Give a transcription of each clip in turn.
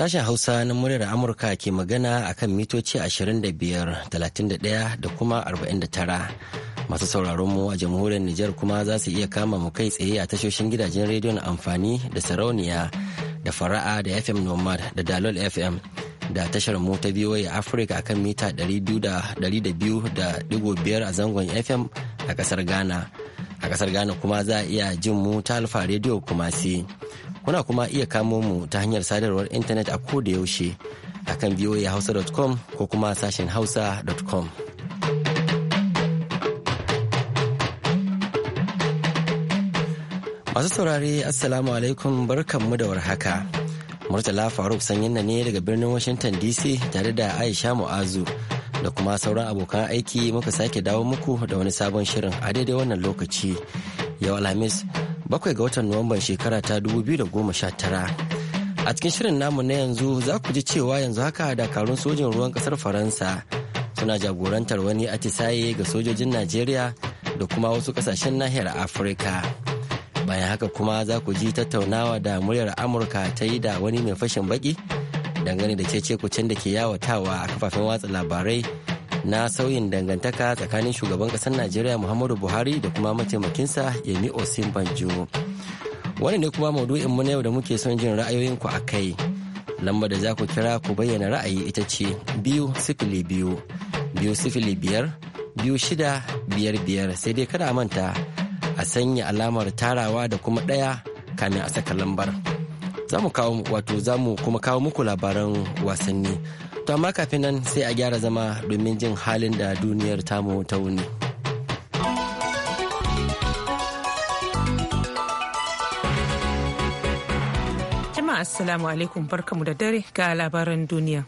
Sashen Hausa na muryar Amurka ke magana a kan mitoci 25, 31 da kuma 49. Masu sauraron mu a jamhuriyar Nijar kuma za su iya kama mu kai tsaye a tashoshin gidajen rediyon amfani da sarauniya da fara'a da FM Nomad da Dalol FM da tashar mu ta Afirka a kan mita 200.5 a zangon FM a kasar Ghana. A kasar Ghana kuma za a iya jin mu ta Alfa rediyo Kumasi. Kuna kuma iya kamo mu ta hanyar sadarwar intanet a koda yaushe a kan voahausa.com ko kuma sashen hausa.com. Masu saurare Assalamu alaikum barkanmu da warhaka. Murtala Faruk sanyin ne daga birnin Washington DC tare da Aisha Mu'azu. da kuma sauran abokan aiki muka sake dawo muku da wani sabon shirin a daidai wannan lokaci yau alhamis bakwai ga watan Nuwamban shekara ta 2019. A cikin shirin namu na yanzu za ku ji cewa yanzu haka dakarun sojin ruwan kasar Faransa suna jagorantar wani atisaye ga sojojin Najeriya da kuma wasu kasashen nahiyar Afirka. Bayan haka kuma za ku ji tattaunawa da muryar Amurka ta yi da wani mai fashin baki dangane da cece kucin da ke yawatawa a kafafen watsa labarai na sauyin dangantaka tsakanin shugaban kasar najeriya muhammadu buhari da kuma mataimakinsa yemi osin banjo wani ne kuma maudu'in mu na yau da muke son jin ra'ayoyin ku a kai Lamba da za ku kira ku bayyana ra'ayi ita ce biyu sifili biyu biyu sifili biyar biyu shida biyar biyar sai dai kada a manta a sanya alamar tarawa da kuma ɗaya kamin a saka lambar. za mu kawo wato za mu kuma kawo muku labaran wasanni to amma kafin nan sai a gyara zama domin jin halin da duniyar tamu ta wuni. assalamu alaikum barkamu da dare ga labaran duniya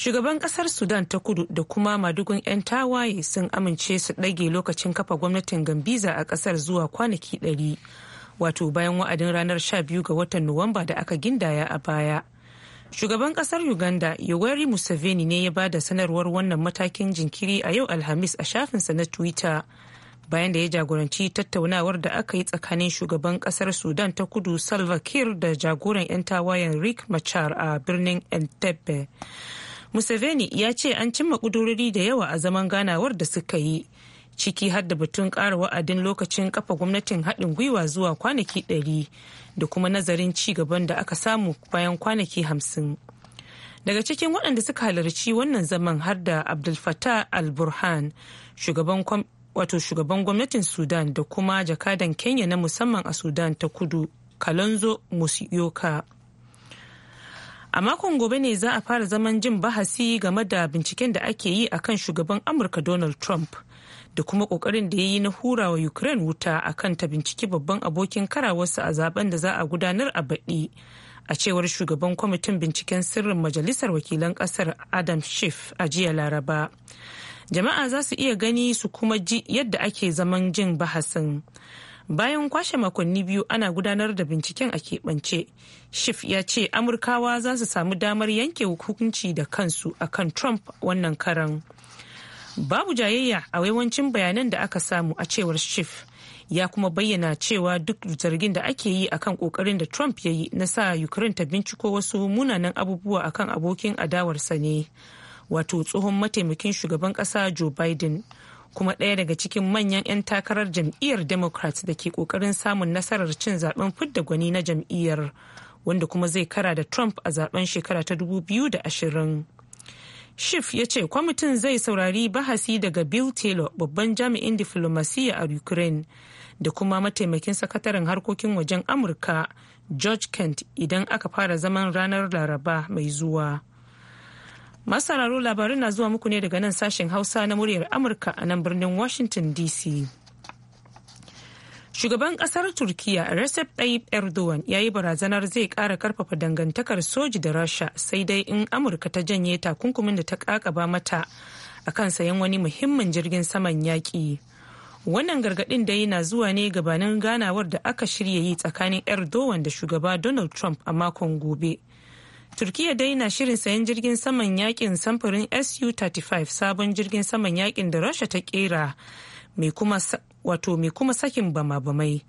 shugaban kasar sudan ta kudu da kuma madugun 'yan tawaye sun amince su ɗage lokacin kafa gwamnatin gambiza a kasar zuwa kwanaki ɗari wato bayan wa'adin ranar 12 ga watan nuwamba da aka gindaya a baya shugaban kasar uganda yoweri museveni ne ya ba da sanarwar wannan matakin jinkiri a yau alhamis a shafinsa na twitter bayan da ya jagoranci tattaunawar da aka yi tsakanin shugaban kasar sudan ta kudu salva kiir da jagoran 'yan tawayen rick machar a birnin entebbe museveni ya ce an cimma kudurori da yawa a zaman ganawar da suka yi ciki har da batun ƙara wa'adin lokacin kafa gwamnatin haɗin gwiwa zuwa kwanaki 100 da kuma nazarin ci gaban da aka samu bayan kwanaki 50. Daga cikin waɗanda suka halarci wannan zaman har da Abdul Fattah al-Burhan, shugaban wato shugaban gwamnatin Sudan da kuma jakadan Kenya na musamman a Sudan ta kudu, Kalonzo Musyoka. a makon gobe ne za a fara zaman jin bahasi game da binciken da ake yi a kan shugaban amurka donald trump da kuma kokarin da ya yi na hurawa ukraine wuta akan ta binciki babban abokin karawarsa a zaben da za a gudanar a baɗi a cewar shugaban kwamitin binciken sirrin majalisar wakilan kasar adam schiff a jiya laraba jama'a za su iya gani su kuma ji yadda ake zaman jin bahasin bayan kwashe makonni biyu ana gudanar da binciken a keɓance schiff ya ce amurkawa za su samu damar yanke hukunci da kansu akan trump wannan karan babu jayayya a yawancin bayanan da aka samu a cewar chief ya kuma bayyana cewa duk zargin da ake yi akan kokarin da trump ya yi na sa ukraine ta binciko wasu munanan abubuwa akan abokin adawarsa ne wato tsohon mataimakin shugaban kasa joe biden kuma ɗaya daga cikin manyan 'yan takarar jam'iyyar democrat da ke kokarin samun nasarar cin zaben fidda gwani na jam'iyyar wanda kuma zai kara da trump a zaben shekara ta 2020 Schiff ya ce kwamitin zai saurari bahasi daga Bill Taylor babban jami'in diflomasiyya a Ukraine da kuma mataimakin sakataren harkokin wajen Amurka George Kent idan aka fara zaman ranar Laraba mai zuwa. Masararo labarin na zuwa muku ne daga nan sashen Hausa na muryar Amurka a nan birnin Washington DC. Shugaban kasar Turkiya Recep Tayyip Erdogan ya yi barazanar zai kara karfafa dangantakar soji da Rasha sai dai in Amurka ta janye takunkumin da ta kakaba mata a kan sayan wani muhimmin jirgin saman yaƙi. Wannan gargaɗin da yana zuwa ne gabanin ganawar da aka shirya yi tsakanin Erdogan da shugaba Donald Trump a makon gobe. Turkiya dai na shirin sayan jirgin saman yakin samfurin SU-35 sabon jirgin saman yakin da Rasha ta kera mai kuma wato mai kuma sakin bama-bamai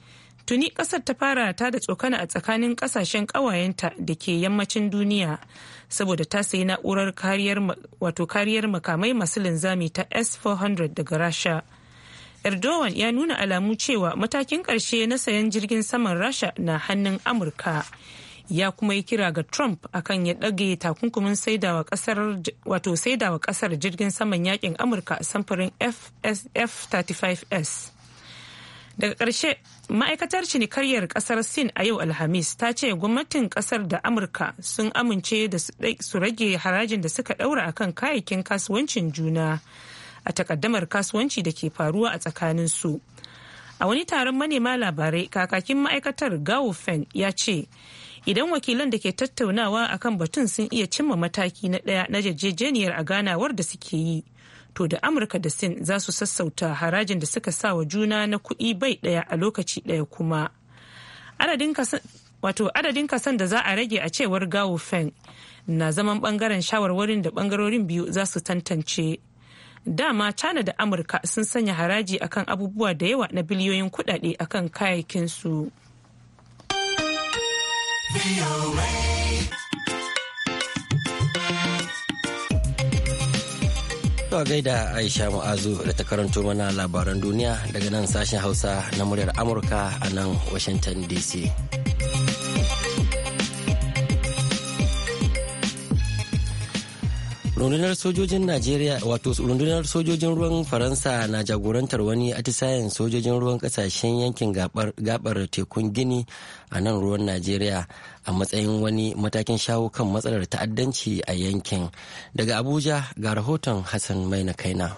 tuni kasar ta fara ta da tsokana a tsakanin kasashen kawayenta da ke yammacin duniya saboda ta sayi na'urar kariyar makamai masu linzami ta s-400 daga rasha erdogan ya nuna alamu cewa matakin karshe na sayan jirgin saman rasha na hannun amurka ya kuma yi kira ga trump akan ya ɗage takunkumin saidawa kasar jirgin saman yakin amurka a samfurin f-35s daga ƙarshe ma'aikatar cinikayyar ƙasar sin a yau alhamis ta ce gwamnatin ƙasar da amurka sun amince da su rage harajin da suka ɗaura akan kayayyakin kasuwancin juna a takaddamar kasuwanci da ke faruwa a tsakanin su a wani taron manema labarai kakakin ma'aikatar gao feng ya ce idan wakilan da ke tattaunawa akan batun sun iya cimma mataki na ɗaya na jajjejeniyar a ganawar da suke yi to da amurka da sin za su sassauta harajin da suka sa wa juna na kuɗi bai ɗaya a lokaci ɗaya kuma adadin kasan da za a rage a cewar gawo feng na zaman bangaren shawarwarin da bangarorin biyu za su tantance dama china da amurka sun sanya haraji akan abubuwa da yawa na biliyoyin kudade akan kayayyakinsu. su To gaida Aisha Mu'azu da ta karanto mana labaran duniya daga nan sashen Hausa na muryar Amurka a nan Washington DC. rundunar sojojin najeriya wato rundunar sojojin ruwan faransa na jagorantar wani atisayen sojojin ruwan kasashen yankin gabar tekun gini a nan ruwan najeriya a matsayin wani matakin shawo kan matsalar ta'addanci a yankin daga abuja ga rahoton hassan mai na kaina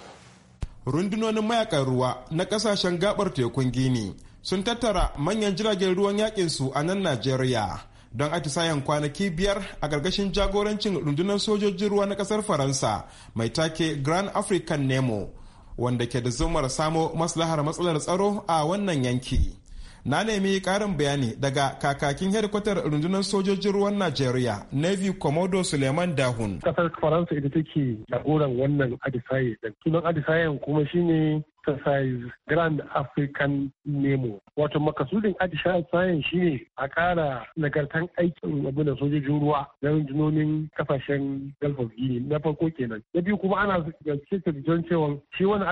rundunonin mayakan ruwa na kasashen gabar tekun gini sun tattara manyan jiragen ruwan yakin a nan najeriya don atisayen kwanaki biyar a gargashin jagorancin rundunar sojojin ruwa na kasar faransa mai take grand african nemo wanda ke da zumar samo maslahar matsalar tsaro a wannan yanki na nemi karin bayani daga kakakin hedikwatar rundunar sojojin ruwan najeriya navy komodo suleiman dahun kasar faransa ita take jagoran wannan atisaye sunan atisayen kuma shine exercise Grand African Nemo. Wato makasudin Atisha Science shi ne a kara nagartan aikin abin da sojojin ruwa na rundunonin kasashen Gulf of Guinea na farko kenan. Na biyu kuma ana gaske don cewa shi wani da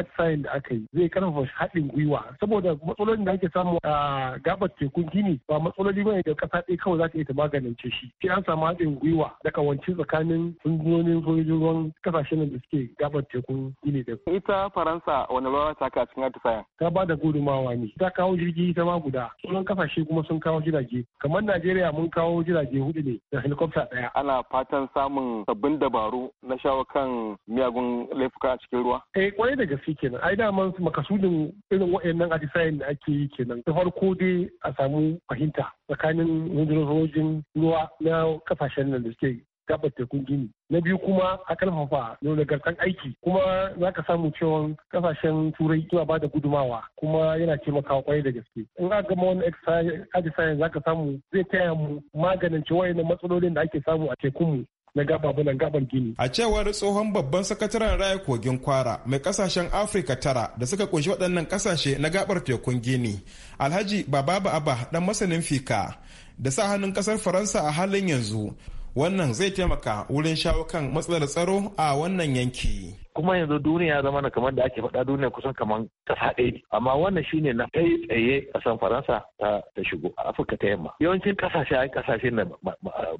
aka yi zai karfafa haɗin gwiwa saboda matsalolin da ake samu a gabar tekun gini ba matsaloli bane da ƙasa ɗaya kawai za ta iya ta maganance shi. Shi an samu haɗin gwiwa da kawance tsakanin rundunonin sojojin ruwan kasashen da suke gabar tekun gini da. Ita Faransa wani rawa saka cikin atisayen. Ta ba da gudumawa ne. Ta kawo jirgi ita ma guda. Sunan kasashe kuma sun kawo jirage. Kamar Najeriya mun kawo jirage hudu ne da helikopta ɗaya. Ana fatan samun sabbin dabaru na shawo kan miyagun laifuka a cikin ruwa. Eh kwarai da gaske kenan. Ai daman makasudin irin waɗannan atisayen da ake yi kenan. Ta farko dai a samu fahimta tsakanin wajen ruwa na kasashen nan da suke gabar tekun gini na biyu kuma a karfafa nagartan aiki kuma za ka samu cewa kasashen turai suna ba da gudumawa kuma yana taimakawa kwaye da gaske in ka gama wani exercise za ka samu zai taya mu maganance wayannan matsalolin da ake samu a tekunmu na gababunan gaban gini. A cewar tsohon babban sakataren raya kogin kwara mai kasashen Afirka tara da suka kunshi waɗannan kasashe na gabar tekun gini. Alhaji Bababa aba dan masanin fika da sa hannun kasar Faransa a halin yanzu wannan zai taimaka wurin shawo kan matsalar tsaro a wannan yanki kuma yanzu duniya zama na kamar da ake faɗa duniya kusan kamar kasa ɗaya amma wannan shine na kai tsaye kasan faransa ta ta shigo a afirka ta yamma yawancin kasashe ai kasashe na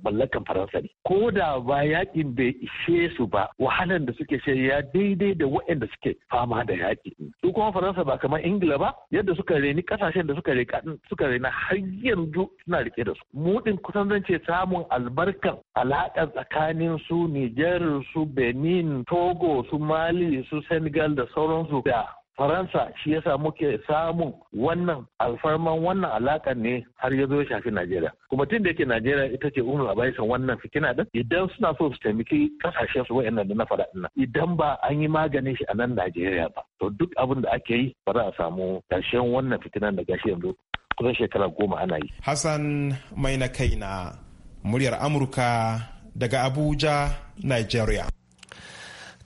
mallakan faransa ne ko da ba yaƙin bai ishe su ba wahalan da suke shi ya daidai da waɗanda suke fama da yaƙi. su kuma faransa ba kamar ingila ba yadda suka reni kasashen da suka reka suka rena har yanzu suna rike da su Muɗin kusan zan ce samun albarkan alaƙa tsakanin su Nijar su Benin Togo su mali su senegal da sauransu da faransa shi yasa muke samun wannan alfarman wannan alakan ne har ya zo ya shafi najeriya kuma tun da yake najeriya ita ce umar bayan wannan fitina din idan suna so su taimaki kasashen su wa'annan da na faɗa din idan ba an yi maganin shi a nan najeriya ba to duk abin da ake yi ba za a samu ƙarshen wannan fitinan da gashi yanzu kusan shekara goma ana yi hassan mai na kaina muryar amurka daga abuja nigeria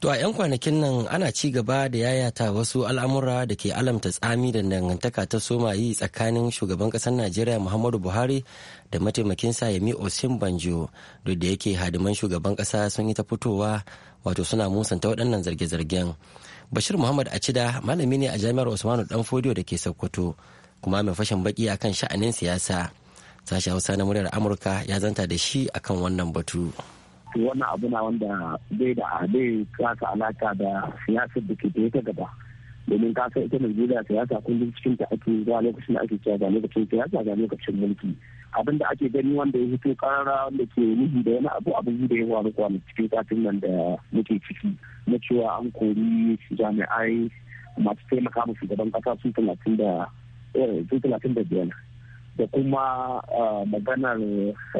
To a 'yan kwanakin nan ana ci gaba da yayata wasu al'amura da ke alamta tsami da dangantaka ta somayi tsakanin shugaban ƙasar Najeriya Muhammadu Buhari da mataimakinsa Yemi Osin Banjo duk da yake hadiman shugaban ƙasa sun yi ta fitowa wato suna musanta waɗannan zarge-zargen. Bashir Muhammad Acida malami ne a jami'ar Usmanu Danfodiyo da ke Sokoto kuma mai fashin baki akan sha'anin siyasa. Sashi Hausa na muryar Amurka ya zanta da shi akan wannan batu. to wannan abu na wanda bai da bai kasa alaka da siyasar da ke ta gaba domin ka san ita najeriya siyasa kullum cikin ta ake zuwa lokacin da ake cewa ga lokacin siyasa ga lokacin mulki abin da ake gani wanda ya fito karara wanda ke nuhi da wani abu abu da ya da kwanan cikin katin nan da muke ciki na cewa an kori jami'ai masu taimaka musu gaban kasa sun talatin da eh, sun talatin da biyar da kuma ah, maganar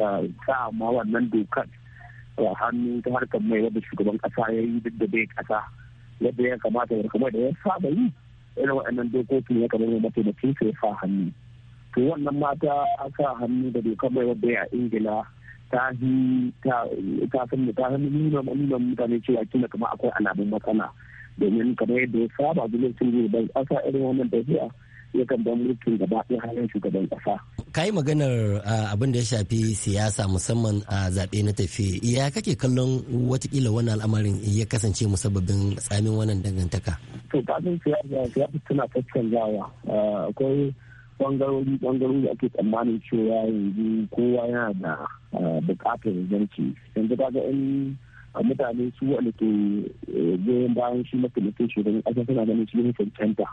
ah, sa ma wannan dokar hannu ta harkar mai wadda shugaban kasa ya yi duk da bai kasa yadda ya kamata ya kuma da ya saba yi irin waɗannan dokokin ya kamar mataimakin sa ya sa hannu to wannan mata a sa hannu da dokar mai wadda ya ingila ta yi ta san da ta nuna nuna mutane cewa kina kamar akwai alamun matsala domin kamar yadda ya saba zuwa lokacin da kasa irin wannan tafiya yakan ban mulkin gaba ɗaya hannun shugaban ƙasa. ka yi maganar abin da ya shafi siyasa musamman a zaɓe na tafi ya kake kallon watakila wani al'amarin ya kasance musabbabin tsamin wannan dangantaka. to kafin siyasa siyasa tana tattanzawa akwai bangarori bangarori da ake tsammanin cewa yanzu kowa yana da buƙatar zanci yanzu ga in mutane su wani ke eh, goyon bayan shi mataimakin shugaban ƙasa suna ganin shi ne cancanta.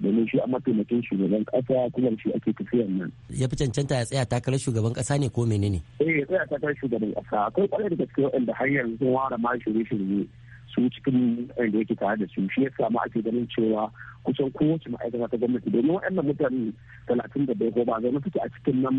domin shi a mataimakin shugaban kasa kuma shi ake tafiyar nan. ya fi cancanta ya tsaya takarar shugaban kasa ne ko menene. eh ya tsaya takarar shugaban kasa akwai kwarai da gaske waɗanda har yanzu sun ma shirye-shirye su cikin da yake tare da su shi ya samu ake ganin cewa kusan kowace ma'aikata ta gwamnati domin waɗannan mutane talatin da bai ba zama suke a cikin nan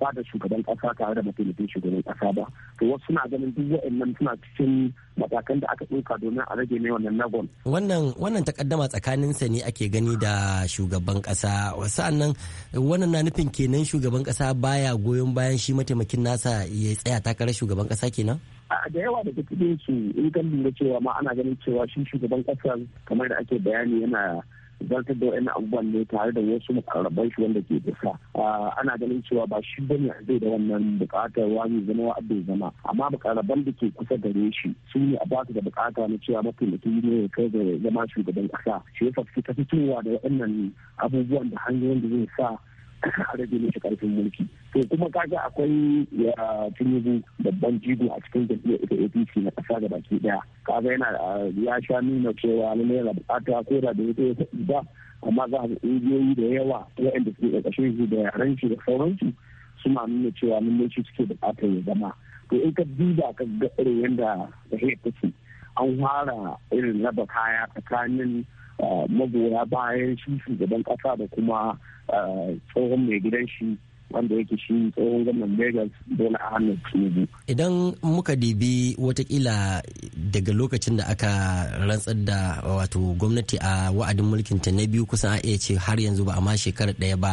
ba da shugaban ƙasa tare da mataimakin shugaban ƙasa ba to wasu suna ganin duk waɗannan suna cikin matakan da aka ɗauka domin a rage ne wannan nagon. wannan wannan takaddama tsakaninsa ne ake gani da shugaban ƙasa sa'an nan wannan na nufin kenan shugaban ƙasa baya goyon bayan shi mataimakin nasa ya tsaya takarar shugaban ƙasa kenan. da yawa daga cikin su in kan lura cewa ma ana ganin cewa shi shugaban ƙasa kamar da ake bayani yana zartar da wani abubuwan ne tare da wasu makarraban shi wanda ke bisa ah, ana ganin cewa ba shi bane zai da wannan bukatar wani zama wa abin zama amma makarraban da ke kusa da shi su ne a basu da bukata na cewa mataimakin ne ya kai da zama shugaban kasa shi ya fafi ta fitowa da waɗannan abubuwan da hanyoyin da zai sa a rage mishi karfin mulki to kuma kaga akwai ya tinubu babban jigo a cikin jam'iyyar ita apc na kasa da baki daya kaga yana ya sha nuna cewa lallai yana bukata ko da da ya ba amma za a ƙungiyoyi da yawa waɗanda suke ƙarƙashin shi da yaran shi da sauransu suna nuna cewa lallai shi suke bukatar ya zama to in ka duba ka ga irin yadda da take an fara irin raba kaya tsakanin magoya bayan shi shugaban kasa da kuma eh, tsohon mai gidan shi wanda yake shi tsohon gwamnan Legas Bola Ahmed Tinubu. Idan muka dibi watakila daga lokacin da aka rantsar da wato gwamnati a wa'adin mulkin ta na biyu kusan a iya ce har yanzu ba a ma shekarar ɗaya ba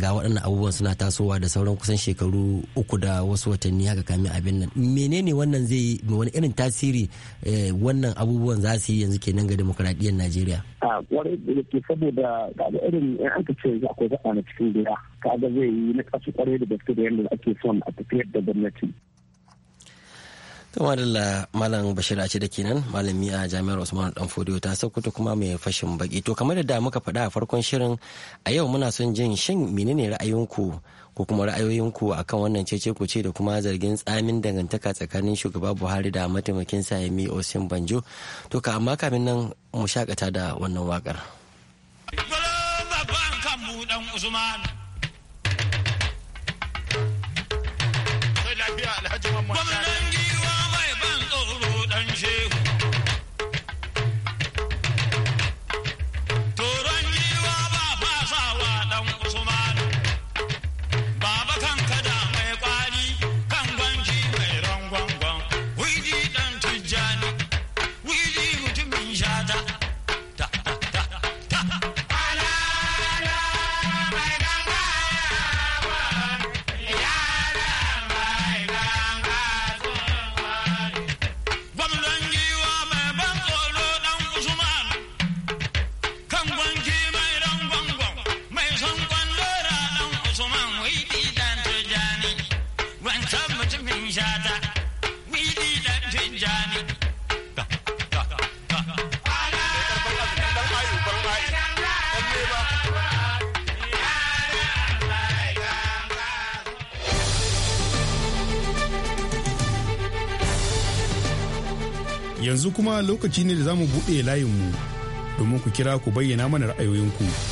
ga waɗannan abubuwan suna tasowa da sauran kusan shekaru uku da wasu watanni haka kamin abin nan. Menene wannan zai yi wani irin tasiri eh, wannan abubuwan za su yi yanzu kenan ga demokuraɗiyyar Najeriya? A kwarai da saboda ga irin in aka ce za ku zaɓa na cikin gida kaga zai yi na kasu kwarai da gaske da yadda ake son a tafiyar da gwamnati. Tumar da malam bashir a da kenan malami a jami'ar usman dan fodiyo ta sokoto kuma mai fashin baki to kamar da muka faɗa a farkon shirin a yau muna son jin shin menene ra'ayinku ko kuma ra'ayoyinku akan wannan cece ce da kuma zargin tsamin dangantaka tsakanin shugaba buhari da mataimakin sa yemi Osim banjo to ka amma kamin nan mu shakata da wannan wakar. Usman. alhaji mamman yanzu kuma lokaci ne da za mu buɗe layinmu domin ku kira ku bayyana mana ra'ayoyinku.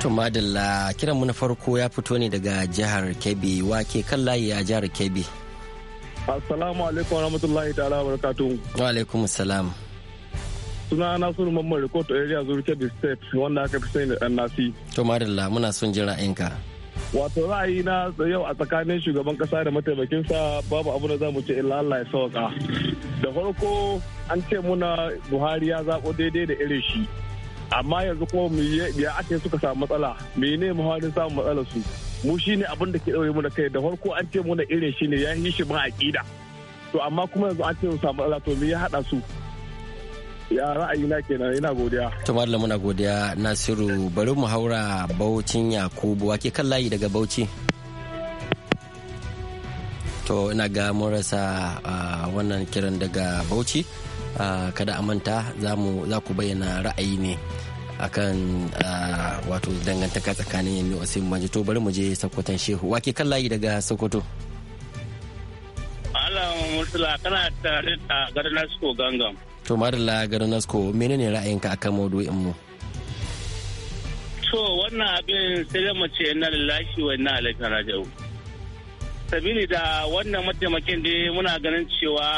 To madalla kiran mu na farko ya fito ne daga jihar Kebbi wake kan layi a jihar Kebbi. Assalamu alaikum wa rahmatullahi ta'ala wa barakatuhu. Wa alaikum salam. Suna Nasiru Mamman Rikoto area Zuru Kebbi State wanda aka fi sai da nasi. To madalla muna son jin ra'ayinka. Wato ra'ayi na yau a tsakanin shugaban kasa da mataimakinsa babu abu da za mu ce illa Allah ya sauka. Da farko an ce muna Buhari ya zaɓo daidai da irin shi. amma yanzu kuma ya ake suka samu matsala mene muhawarin samun matsalar su mu shine abin da ke ɗaure mu da kai da farko an ce mu da irin shine ya yi shi ma aƙida to amma kuma yanzu an ce mu samu matsala to me ya haɗa su ya ra'ayi ra'ayina kenan ina godiya to muna godiya nasiru bari mu haura baucin yakubu wake kan layi daga bauchi to ina ga mun rasa ah, wannan kiran daga bauchi kada a manta za ku bayyana ra'ayi ne akan wato dangantaka tsakanin yami osim maji to bari mu je sokoton shehu wake kan layi daga sokoto alam murtala kana tare da garin nasko gangan? to Marla garin nasko menene ra'ayinka akan maudu'in mu to wannan abin sai da mace na lalashi wa na alaikar raji'u sabili da wannan mataimakin da muna ganin cewa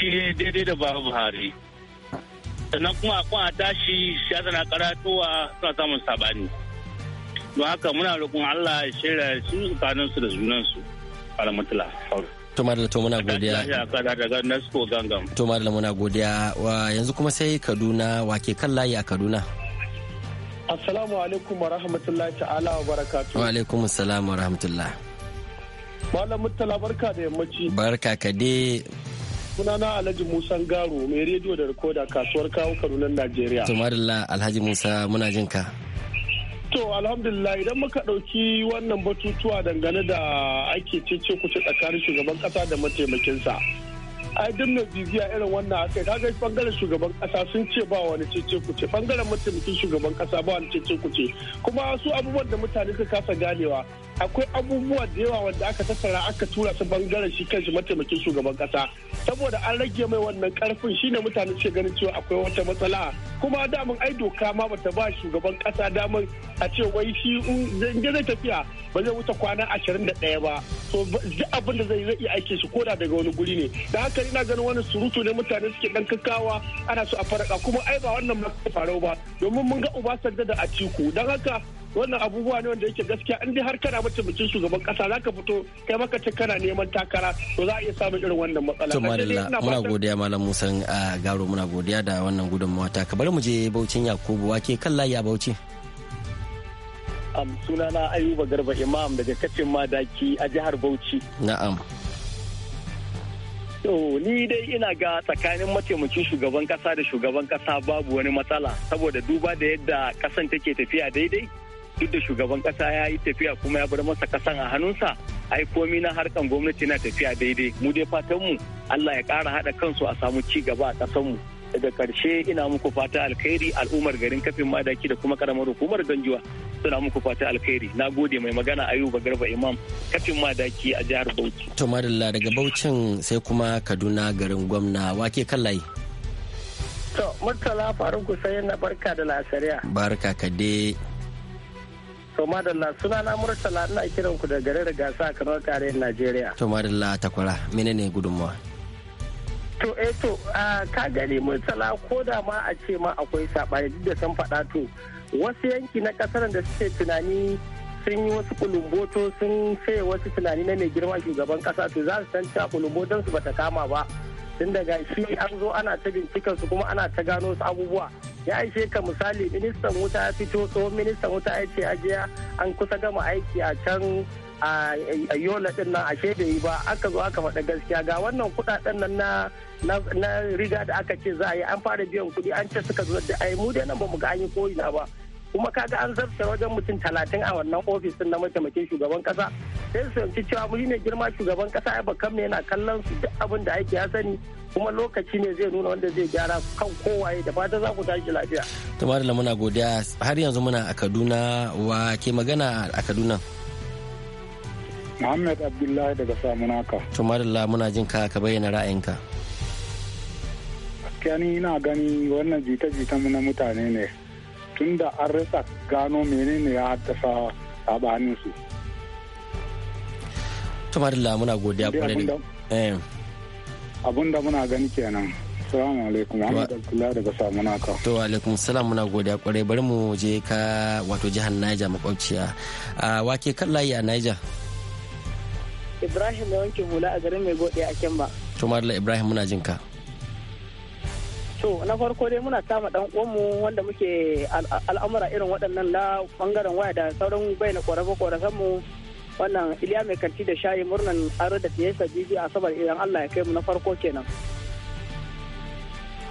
shi daidai da babu buhari sannan kuma a tashi siyasa na karatowa suna samun sabani don haka muna roƙon allah ya shirya su tsakanin su da junan su alamutula tomar to muna godiya tomar da muna godiya wa yanzu kuma sai kaduna wa ke kan layi a kaduna assalamu alaikum wa rahmatullahi ta'ala wa barakatu wa alaikum assalam wa rahmatullahi malam mutala barka da yammaci barka ka dai sunana Alhaji Musa Garo mai rediyo da rikoda kasuwar kawo Kadunan Najeriya. To Alhaji Musa muna jin ka. To alhamdulillah idan muka ɗauki wannan batutuwa dangane da ake cece kuce tsakanin shugaban kasa da mataimakinsa. ai duk na bibiya irin wannan akai kaga bangaren shugaban kasa sun ce ba wani cece kuce bangaren mataimakin shugaban kasa ba wani cece kuce kuma su abubuwan da mutane suka kasa ganewa akwai abubuwa da yawa wanda aka tattara aka tura su bangaren shi kanshi mataimakin shugaban kasa saboda an rage mai wannan karfin shine mutane suke ganin cewa akwai wata matsala kuma damun ai doka ma bata ba shugaban kasa damar a ce wai shi in zai tafiya ba zai wuce kwana ashirin da ɗaya ba to duk abin da zai iya aikin shi koda daga wani guri ne da haka ina ganin wani surutu ne mutane suke dan kakkawa ana so a faraka kuma ai ba wannan ma faru ba domin mun ga Obasanjo da Atiku dan haka wannan abubuwa ne wanda yake gaskiya in dai har kana mataimakin shugaban kasa za ka fito kai maka ce kana neman takara to za a iya samun irin wannan matsala. to madalla muna godiya malam musa garo muna godiya da wannan gudunmawa ta ka mu je baucin yakubu wake kan layi a bauchi. am sunana ayuba garba imam daga kacin madaki a jihar bauchi. na'am. To ni dai ina ga tsakanin mataimakin shugaban kasa da shugaban kasa babu wani matsala saboda duba da yadda kasan take tafiya daidai duk da shugaban kasa ya yi tafiya kuma ya bar masa kasan a hannunsa ai komi na harkan gwamnati na tafiya daidai mu dai fatan mu Allah ya kara haɗa kansu a samu ci gaba a kasan mu daga karshe ina muku fata alkhairi al'ummar garin kafin madaki da kuma karamar hukumar ganjuwa suna muku fata alkhairi na gode mai magana ayuba garba imam kafin madaki a jihar bauchi to madalla daga baucin sai kuma kaduna garin gwamna wake kallai to murtala faruku sai na barka da lasariya barka ka dai To madalla suna na Murtala ina kiran ku da garin gasa a Kano tarayyar Najeriya. To madalla takwara ne gudunmawa? To eh to ka gani Murtala ko da ma a ce ma akwai saɓani duk da san faɗa to wasu yanki na ƙasar da suke tunani sun yi wasu kulumboto sun sai wasu tunani na mai girma shugaban kasa to za su san cewa kulumboton su bata kama ba tun daga shi an zo ana ta binciken su kuma ana ta gano su abubuwa ya aishe ka misali ministan wuta ya fito tsohon ministan wuta ya ce ajiya an kusa gama aiki a can a yola din nan ashe bai yi ba aka zo aka faɗa gaskiya ga wannan kuɗaɗen nan na na riga da aka ce za a yi an fara biyan kuɗi an ce suka zo da ai mu dai nan ba mu ga an yi koyi na ba kuma kaga an zarta wajen mutum talatin a wannan ofis na mataimakin shugaban kasa sai su yanci cewa mu ne girma shugaban kasa ya bakan yana kallon su duk abin da ake ya sani kuma lokaci ne zai nuna wanda zai gyara kan kowaye da fata za ku tashi lafiya. da muna godiya har yanzu muna a kaduna wa ke magana a kaduna. Muhammad Abdullahi daga Samunaka. Tumarilla muna jin ka ka bayyana ra'ayinka. Gaskiya ni ina gani wannan jita-jita na mutane ne da an rasa gano menene ya haddasa sabanin su tumarilla muna godiya kwarai ne. Eh. Abin da muna gani kenan Assalamu alaikum Ahmad Abdullahi daga Samunaka. To alaikum salam muna godiya kwarai bari mu je ka wato jihar Niger makwabciya. A wake kan layi a Niger. Ibrahim ya wanke hula a garin mai godiya a Kemba. To Marla Ibrahim muna jin ka. so na farko dai muna kama dan uwanmu wanda muke al'amura irin waɗannan na bangaren waya da sauran bayyana ƙorafa ƙorafan mu wannan iliya mai kanti da shayi murnan aro da fiyesa bibi a sabar idan allah ya kai mu na farko kenan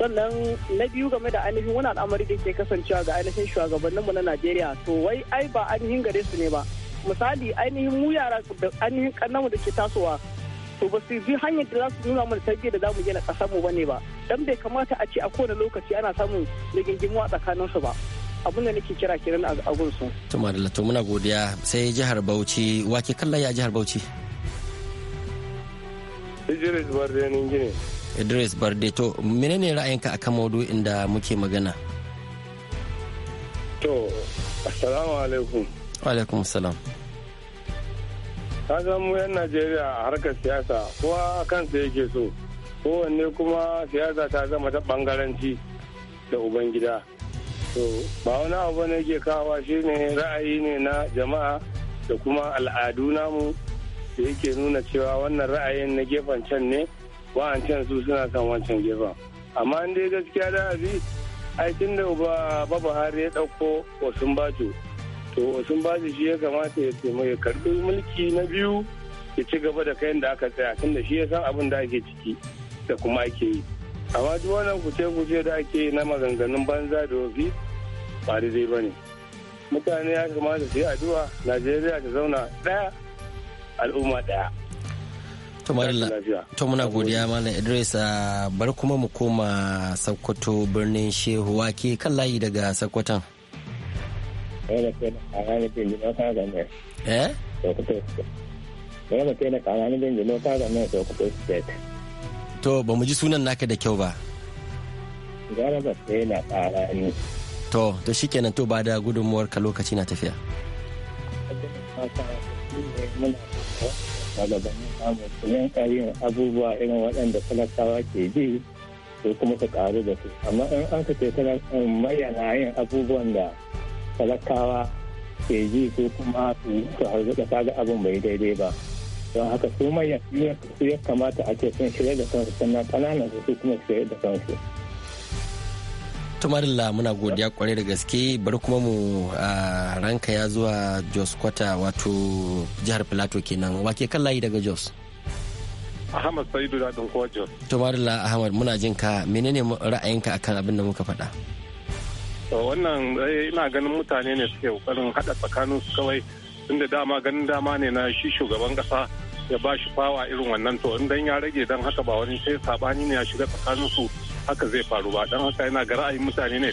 sannan na biyu game da ainihin wani al'amari da ke kasancewa ga ainihin shugabannin mu na najeriya to wai ai ba ainihin gare su ne ba misali ainihin mu yara da ainihin kannanmu da ke tasowa to ba su bi hanyar da za su nuna mana tarbiyya da za mu gina ƙasarmu ba ne ba dan bai kamata a ce a kowane lokaci ana samun rigingimu a su ba abin da nake kira kiran a su Tuma da lato muna godiya sai jihar Bauchi wake kallon ya jihar Bauchi. Idris Barde ne gine. Idris Barde to menene ra'ayinka akan maudu'in inda muke magana? To assalamu alaikum. Wa alaikum salam. ta mu 'yan Najeriya a harkar siyasa kowa kansa yake so. kowanne kuma siyasa ta zama ta bangaranci da ubangida to ba wani abu ne ke kawo shi ne ra'ayi ne na jama'a da kuma al'adu namu da yake nuna cewa wannan ra'ayin na gefen can ne wa'ancan su suna kan wancan gefen amma in dai gaskiya da abi ai tun da ba buhari ya ɗauko osun bacu to osun bacu shi ya kamata ya taimaka ya karɓi mulki na biyu ya ci gaba da kayan da aka tsaya tun da shi ya san abin da ake ciki da kuma ake yi amma duk wannan guje-guje da ake yi na maganganun banza da wofi ba daidai ba ne mutane ya kamata su yi addu'a najeriya ta zauna ɗaya al'umma ɗaya to muna godiya malam idris ah, bar kuma mu koma sokoto birnin shehu wake kan layi daga sokoton eh To ba mu ji sunan naka da kyau ba. sai na ƙara ne. To to shi kenan to ba da gudunmuwar ka lokaci na tafiya. abubuwa irin waɗanda talakawa ke ji ko kuma su ƙaru da su amma in an ka ce mayana yin abubuwan da talakawa ke ji ko kuma su harzuka ga abin bai daidai ba. don haka su manyan su ya kamata a ce sun shirya da kansu sannan kananan su kuma shirya da kansu tumarilla muna godiya kwarai da gaske bari kuma mu ranka ya zuwa jos kwata wato jihar plateau kenan wake kan layi daga jos ahmad saidu da kowa jos tumarilla ahmad muna jin ka menene ra'ayinka akan abin da muka faɗa wannan eh, ina ganin mutane ne suke kokarin haɗa tsakanin su kawai tunda dama ganin dama ne na shi shugaban kasa ya ba shi fawa irin wannan to in dan ya rage dan haka ba wani sai sabani ne ya shiga tsakanin su haka zai faru ba dan haka yana ga ra'ayin mutane ne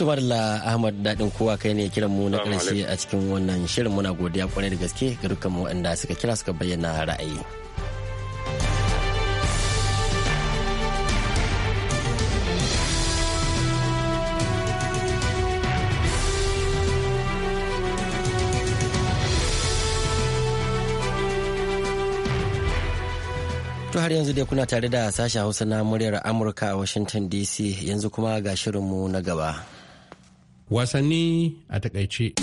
tubarla ahmad daɗin kowa kai ne kiran mu na karshe a cikin wannan shirin muna godiya kwarai da gaske ga dukkan waɗanda suka kira suka bayyana ra'ayi. To har yanzu dai kuna tare da sashen Hausa na muryar Amurka a Washington DC yanzu kuma ga shirinmu na gaba. Wasanni a takaice.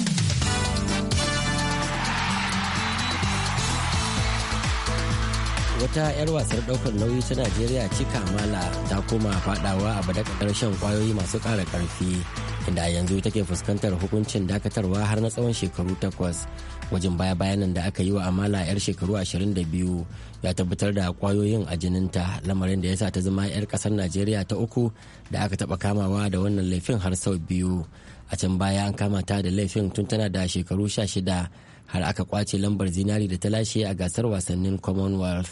Wata 'yar wasar ɗaukar nauyi ta Najeriya cika mala ta koma fadawa a badakar shan kwayoyi masu ƙara ƙarfi. inda a yanzu take fuskantar hukuncin dakatarwa har na tsawon shekaru takwas wajen baya bayanan da aka yi wa amala yar shekaru 22 ya tabbatar da kwayoyin a jininta lamarin da ya sa ta zama yar kasar najeriya ta uku da aka taba kamawa da wannan laifin har sau biyu a can baya an kama ta da laifin tun tana da shekaru sha shida har aka kwace lambar zinari da ta lashe a gasar wasannin commonwealth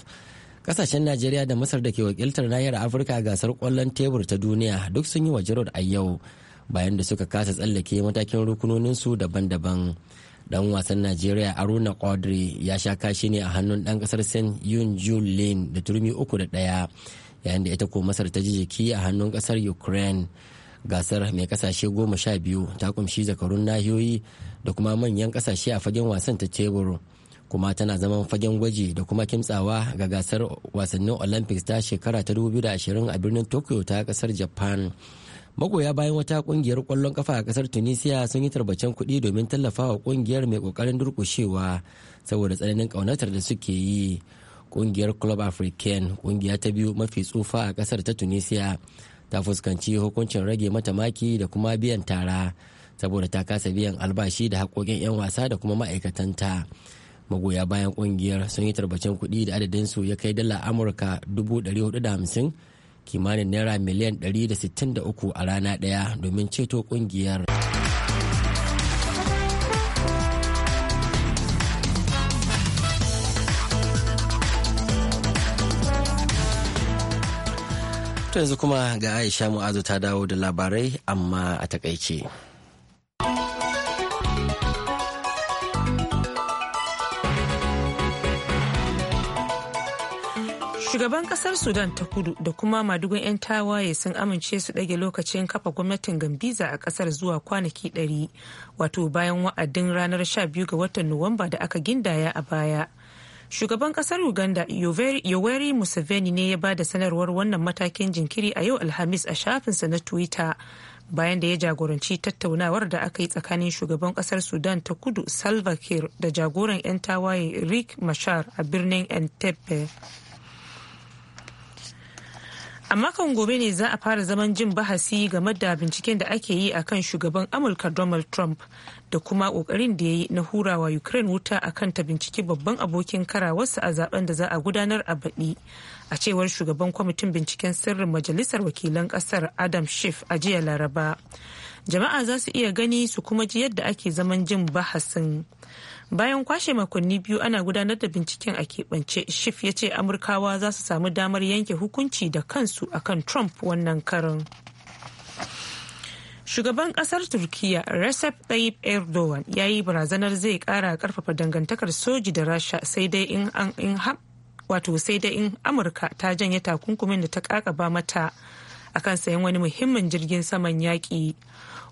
kasashen najeriya da masar da ke wakiltar nahiyar afirka gasar kwallon tebur ta duniya duk sun yi wa a yau bayan da suka kasa tsallake matakin rukunoninsu daban-daban dan wasan najeriya aruna quadri ya sha kashi ne a hannun dan kasar sen yun jun da turmi uku da daya yayin da ita ko masar ta ji jiki a hannun kasar ukraine gasar mai kasashe goma sha biyu ta kumshi zakarun nahiyoyi da kuma manyan kasashe a fagen wasan ta tebur kuma tana zaman fagen gwaji da kuma kimtsawa ga gasar wasannin olympics ta shekara ta 2020 a birnin tokyo ta kasar japan magoya bayan wata kungiyar kwallon kafa a kasar tunisia sun yi tarbacen kuɗi domin tallafa wa kungiyar mai kokarin durkushewa saboda tsananin kaunatar da suke yi kungiyar club african kungiya ta biyu mafi tsufa a kasar ta tunisia ta fuskanci hukuncin rage mata maki da kuma biyan tara saboda ta kasa biyan albashi da haƙoƙin 'yan wasa da kuma ma'aikatanta magoya bayan kungiyar sun yi tarbacen kuɗi da adadinsu ya kai dala amurka 450 kimanin naira miliyan 163 a rana ɗaya domin ceto ƙungiyar. To yanzu kuma ga Aisha Mu'azu ta dawo da labarai amma a takaice. shugaban kasar sudan ta kudu da kuma madugun 'yan tawaye sun amince su ɗage lokacin kafa gwamnatin gambiza a kasar zuwa kwanaki 100 wato bayan wa'adin ranar 12 ga watan nuwamba da aka gindaya a baya shugaban kasar uganda yoweri museveni ne ya ba da sanarwar wannan matakin jinkiri a yau alhamis a shafinsa na twitter bayan da ya jagoranci tattaunawar da aka yi tsakanin shugaban kasar sudan ta kudu salva kiir da jagoran 'yan tawaye rick mashar a birnin entebbe a makon gobe ne za a fara zaman jin bahasi game da binciken da ake yi akan shugaban amurka donald trump da kuma ƙoƙarin da ya yi na hurawa ukraine wuta akan ta binciki babban abokin karawarsa a zaben da za a gudanar a baɗi a cewar shugaban kwamitin binciken sirrin majalisar wakilan ƙasar adam schiff a jiya laraba jama'a za su iya gani su kuma ji yadda ake zaman jin bahasin bayan kwashe makonni biyu ana gudanar da binciken a keɓance shif ya ce amurkawa za su samu damar yanke hukunci da kansu akan trump wannan karin shugaban kasar turkiya recep tayyip erdogan ya yi barazanar zai kara karfafa dangantakar soji da rasha sai dai in in wato sai dai in amurka ta janye takunkumin da ta kakaba mata akan sayan wani muhimmin jirgin saman yaƙi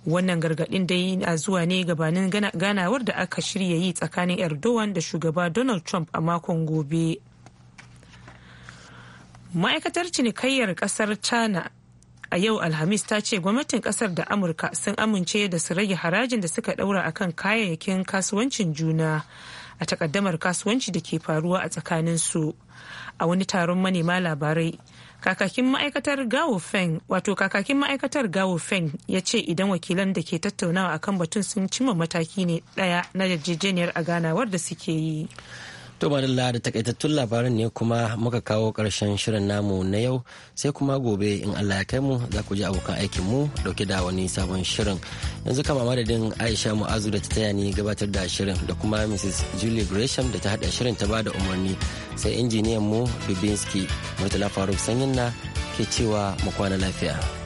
wannan gargadin dai na zuwa ne gabanin ganawar da aka shirya yi tsakanin erdogan da shugaba donald trump a makon gobe ma'aikatar cinikayyar kasar china a yau alhamis ta ce gwamnatin kasar da amurka sun amince da su rage harajin da suka daura akan kayayyakin kasuwancin juna a takaddamar kasuwanci da ke faruwa a tsakanin su a wani taron manema labarai kakakin ma'aikatar gawo feng wato kakakin ma'aikatar gawo feng ya ce idan wakilan da ke tattaunawa akan batun sun cimma mataki ne daya na yarjejeniyar a ganawar da suke yi To madalla da takaitattun labaran ne kuma muka kawo ƙarshen shirin namu na yau sai kuma gobe in Allah ya kai mu za ku ji abokan aikin mu dauke da wani sabon shirin. Yanzu kama madadin Aisha Mu'azu da ta taya ni gabatar da shirin da kuma Mrs. Julie Gresham da ta hada shirin ta bada umarni sai injiniyan mu Dubinsky Murtala Faruk Sanyin na ke cewa mu kwana lafiya.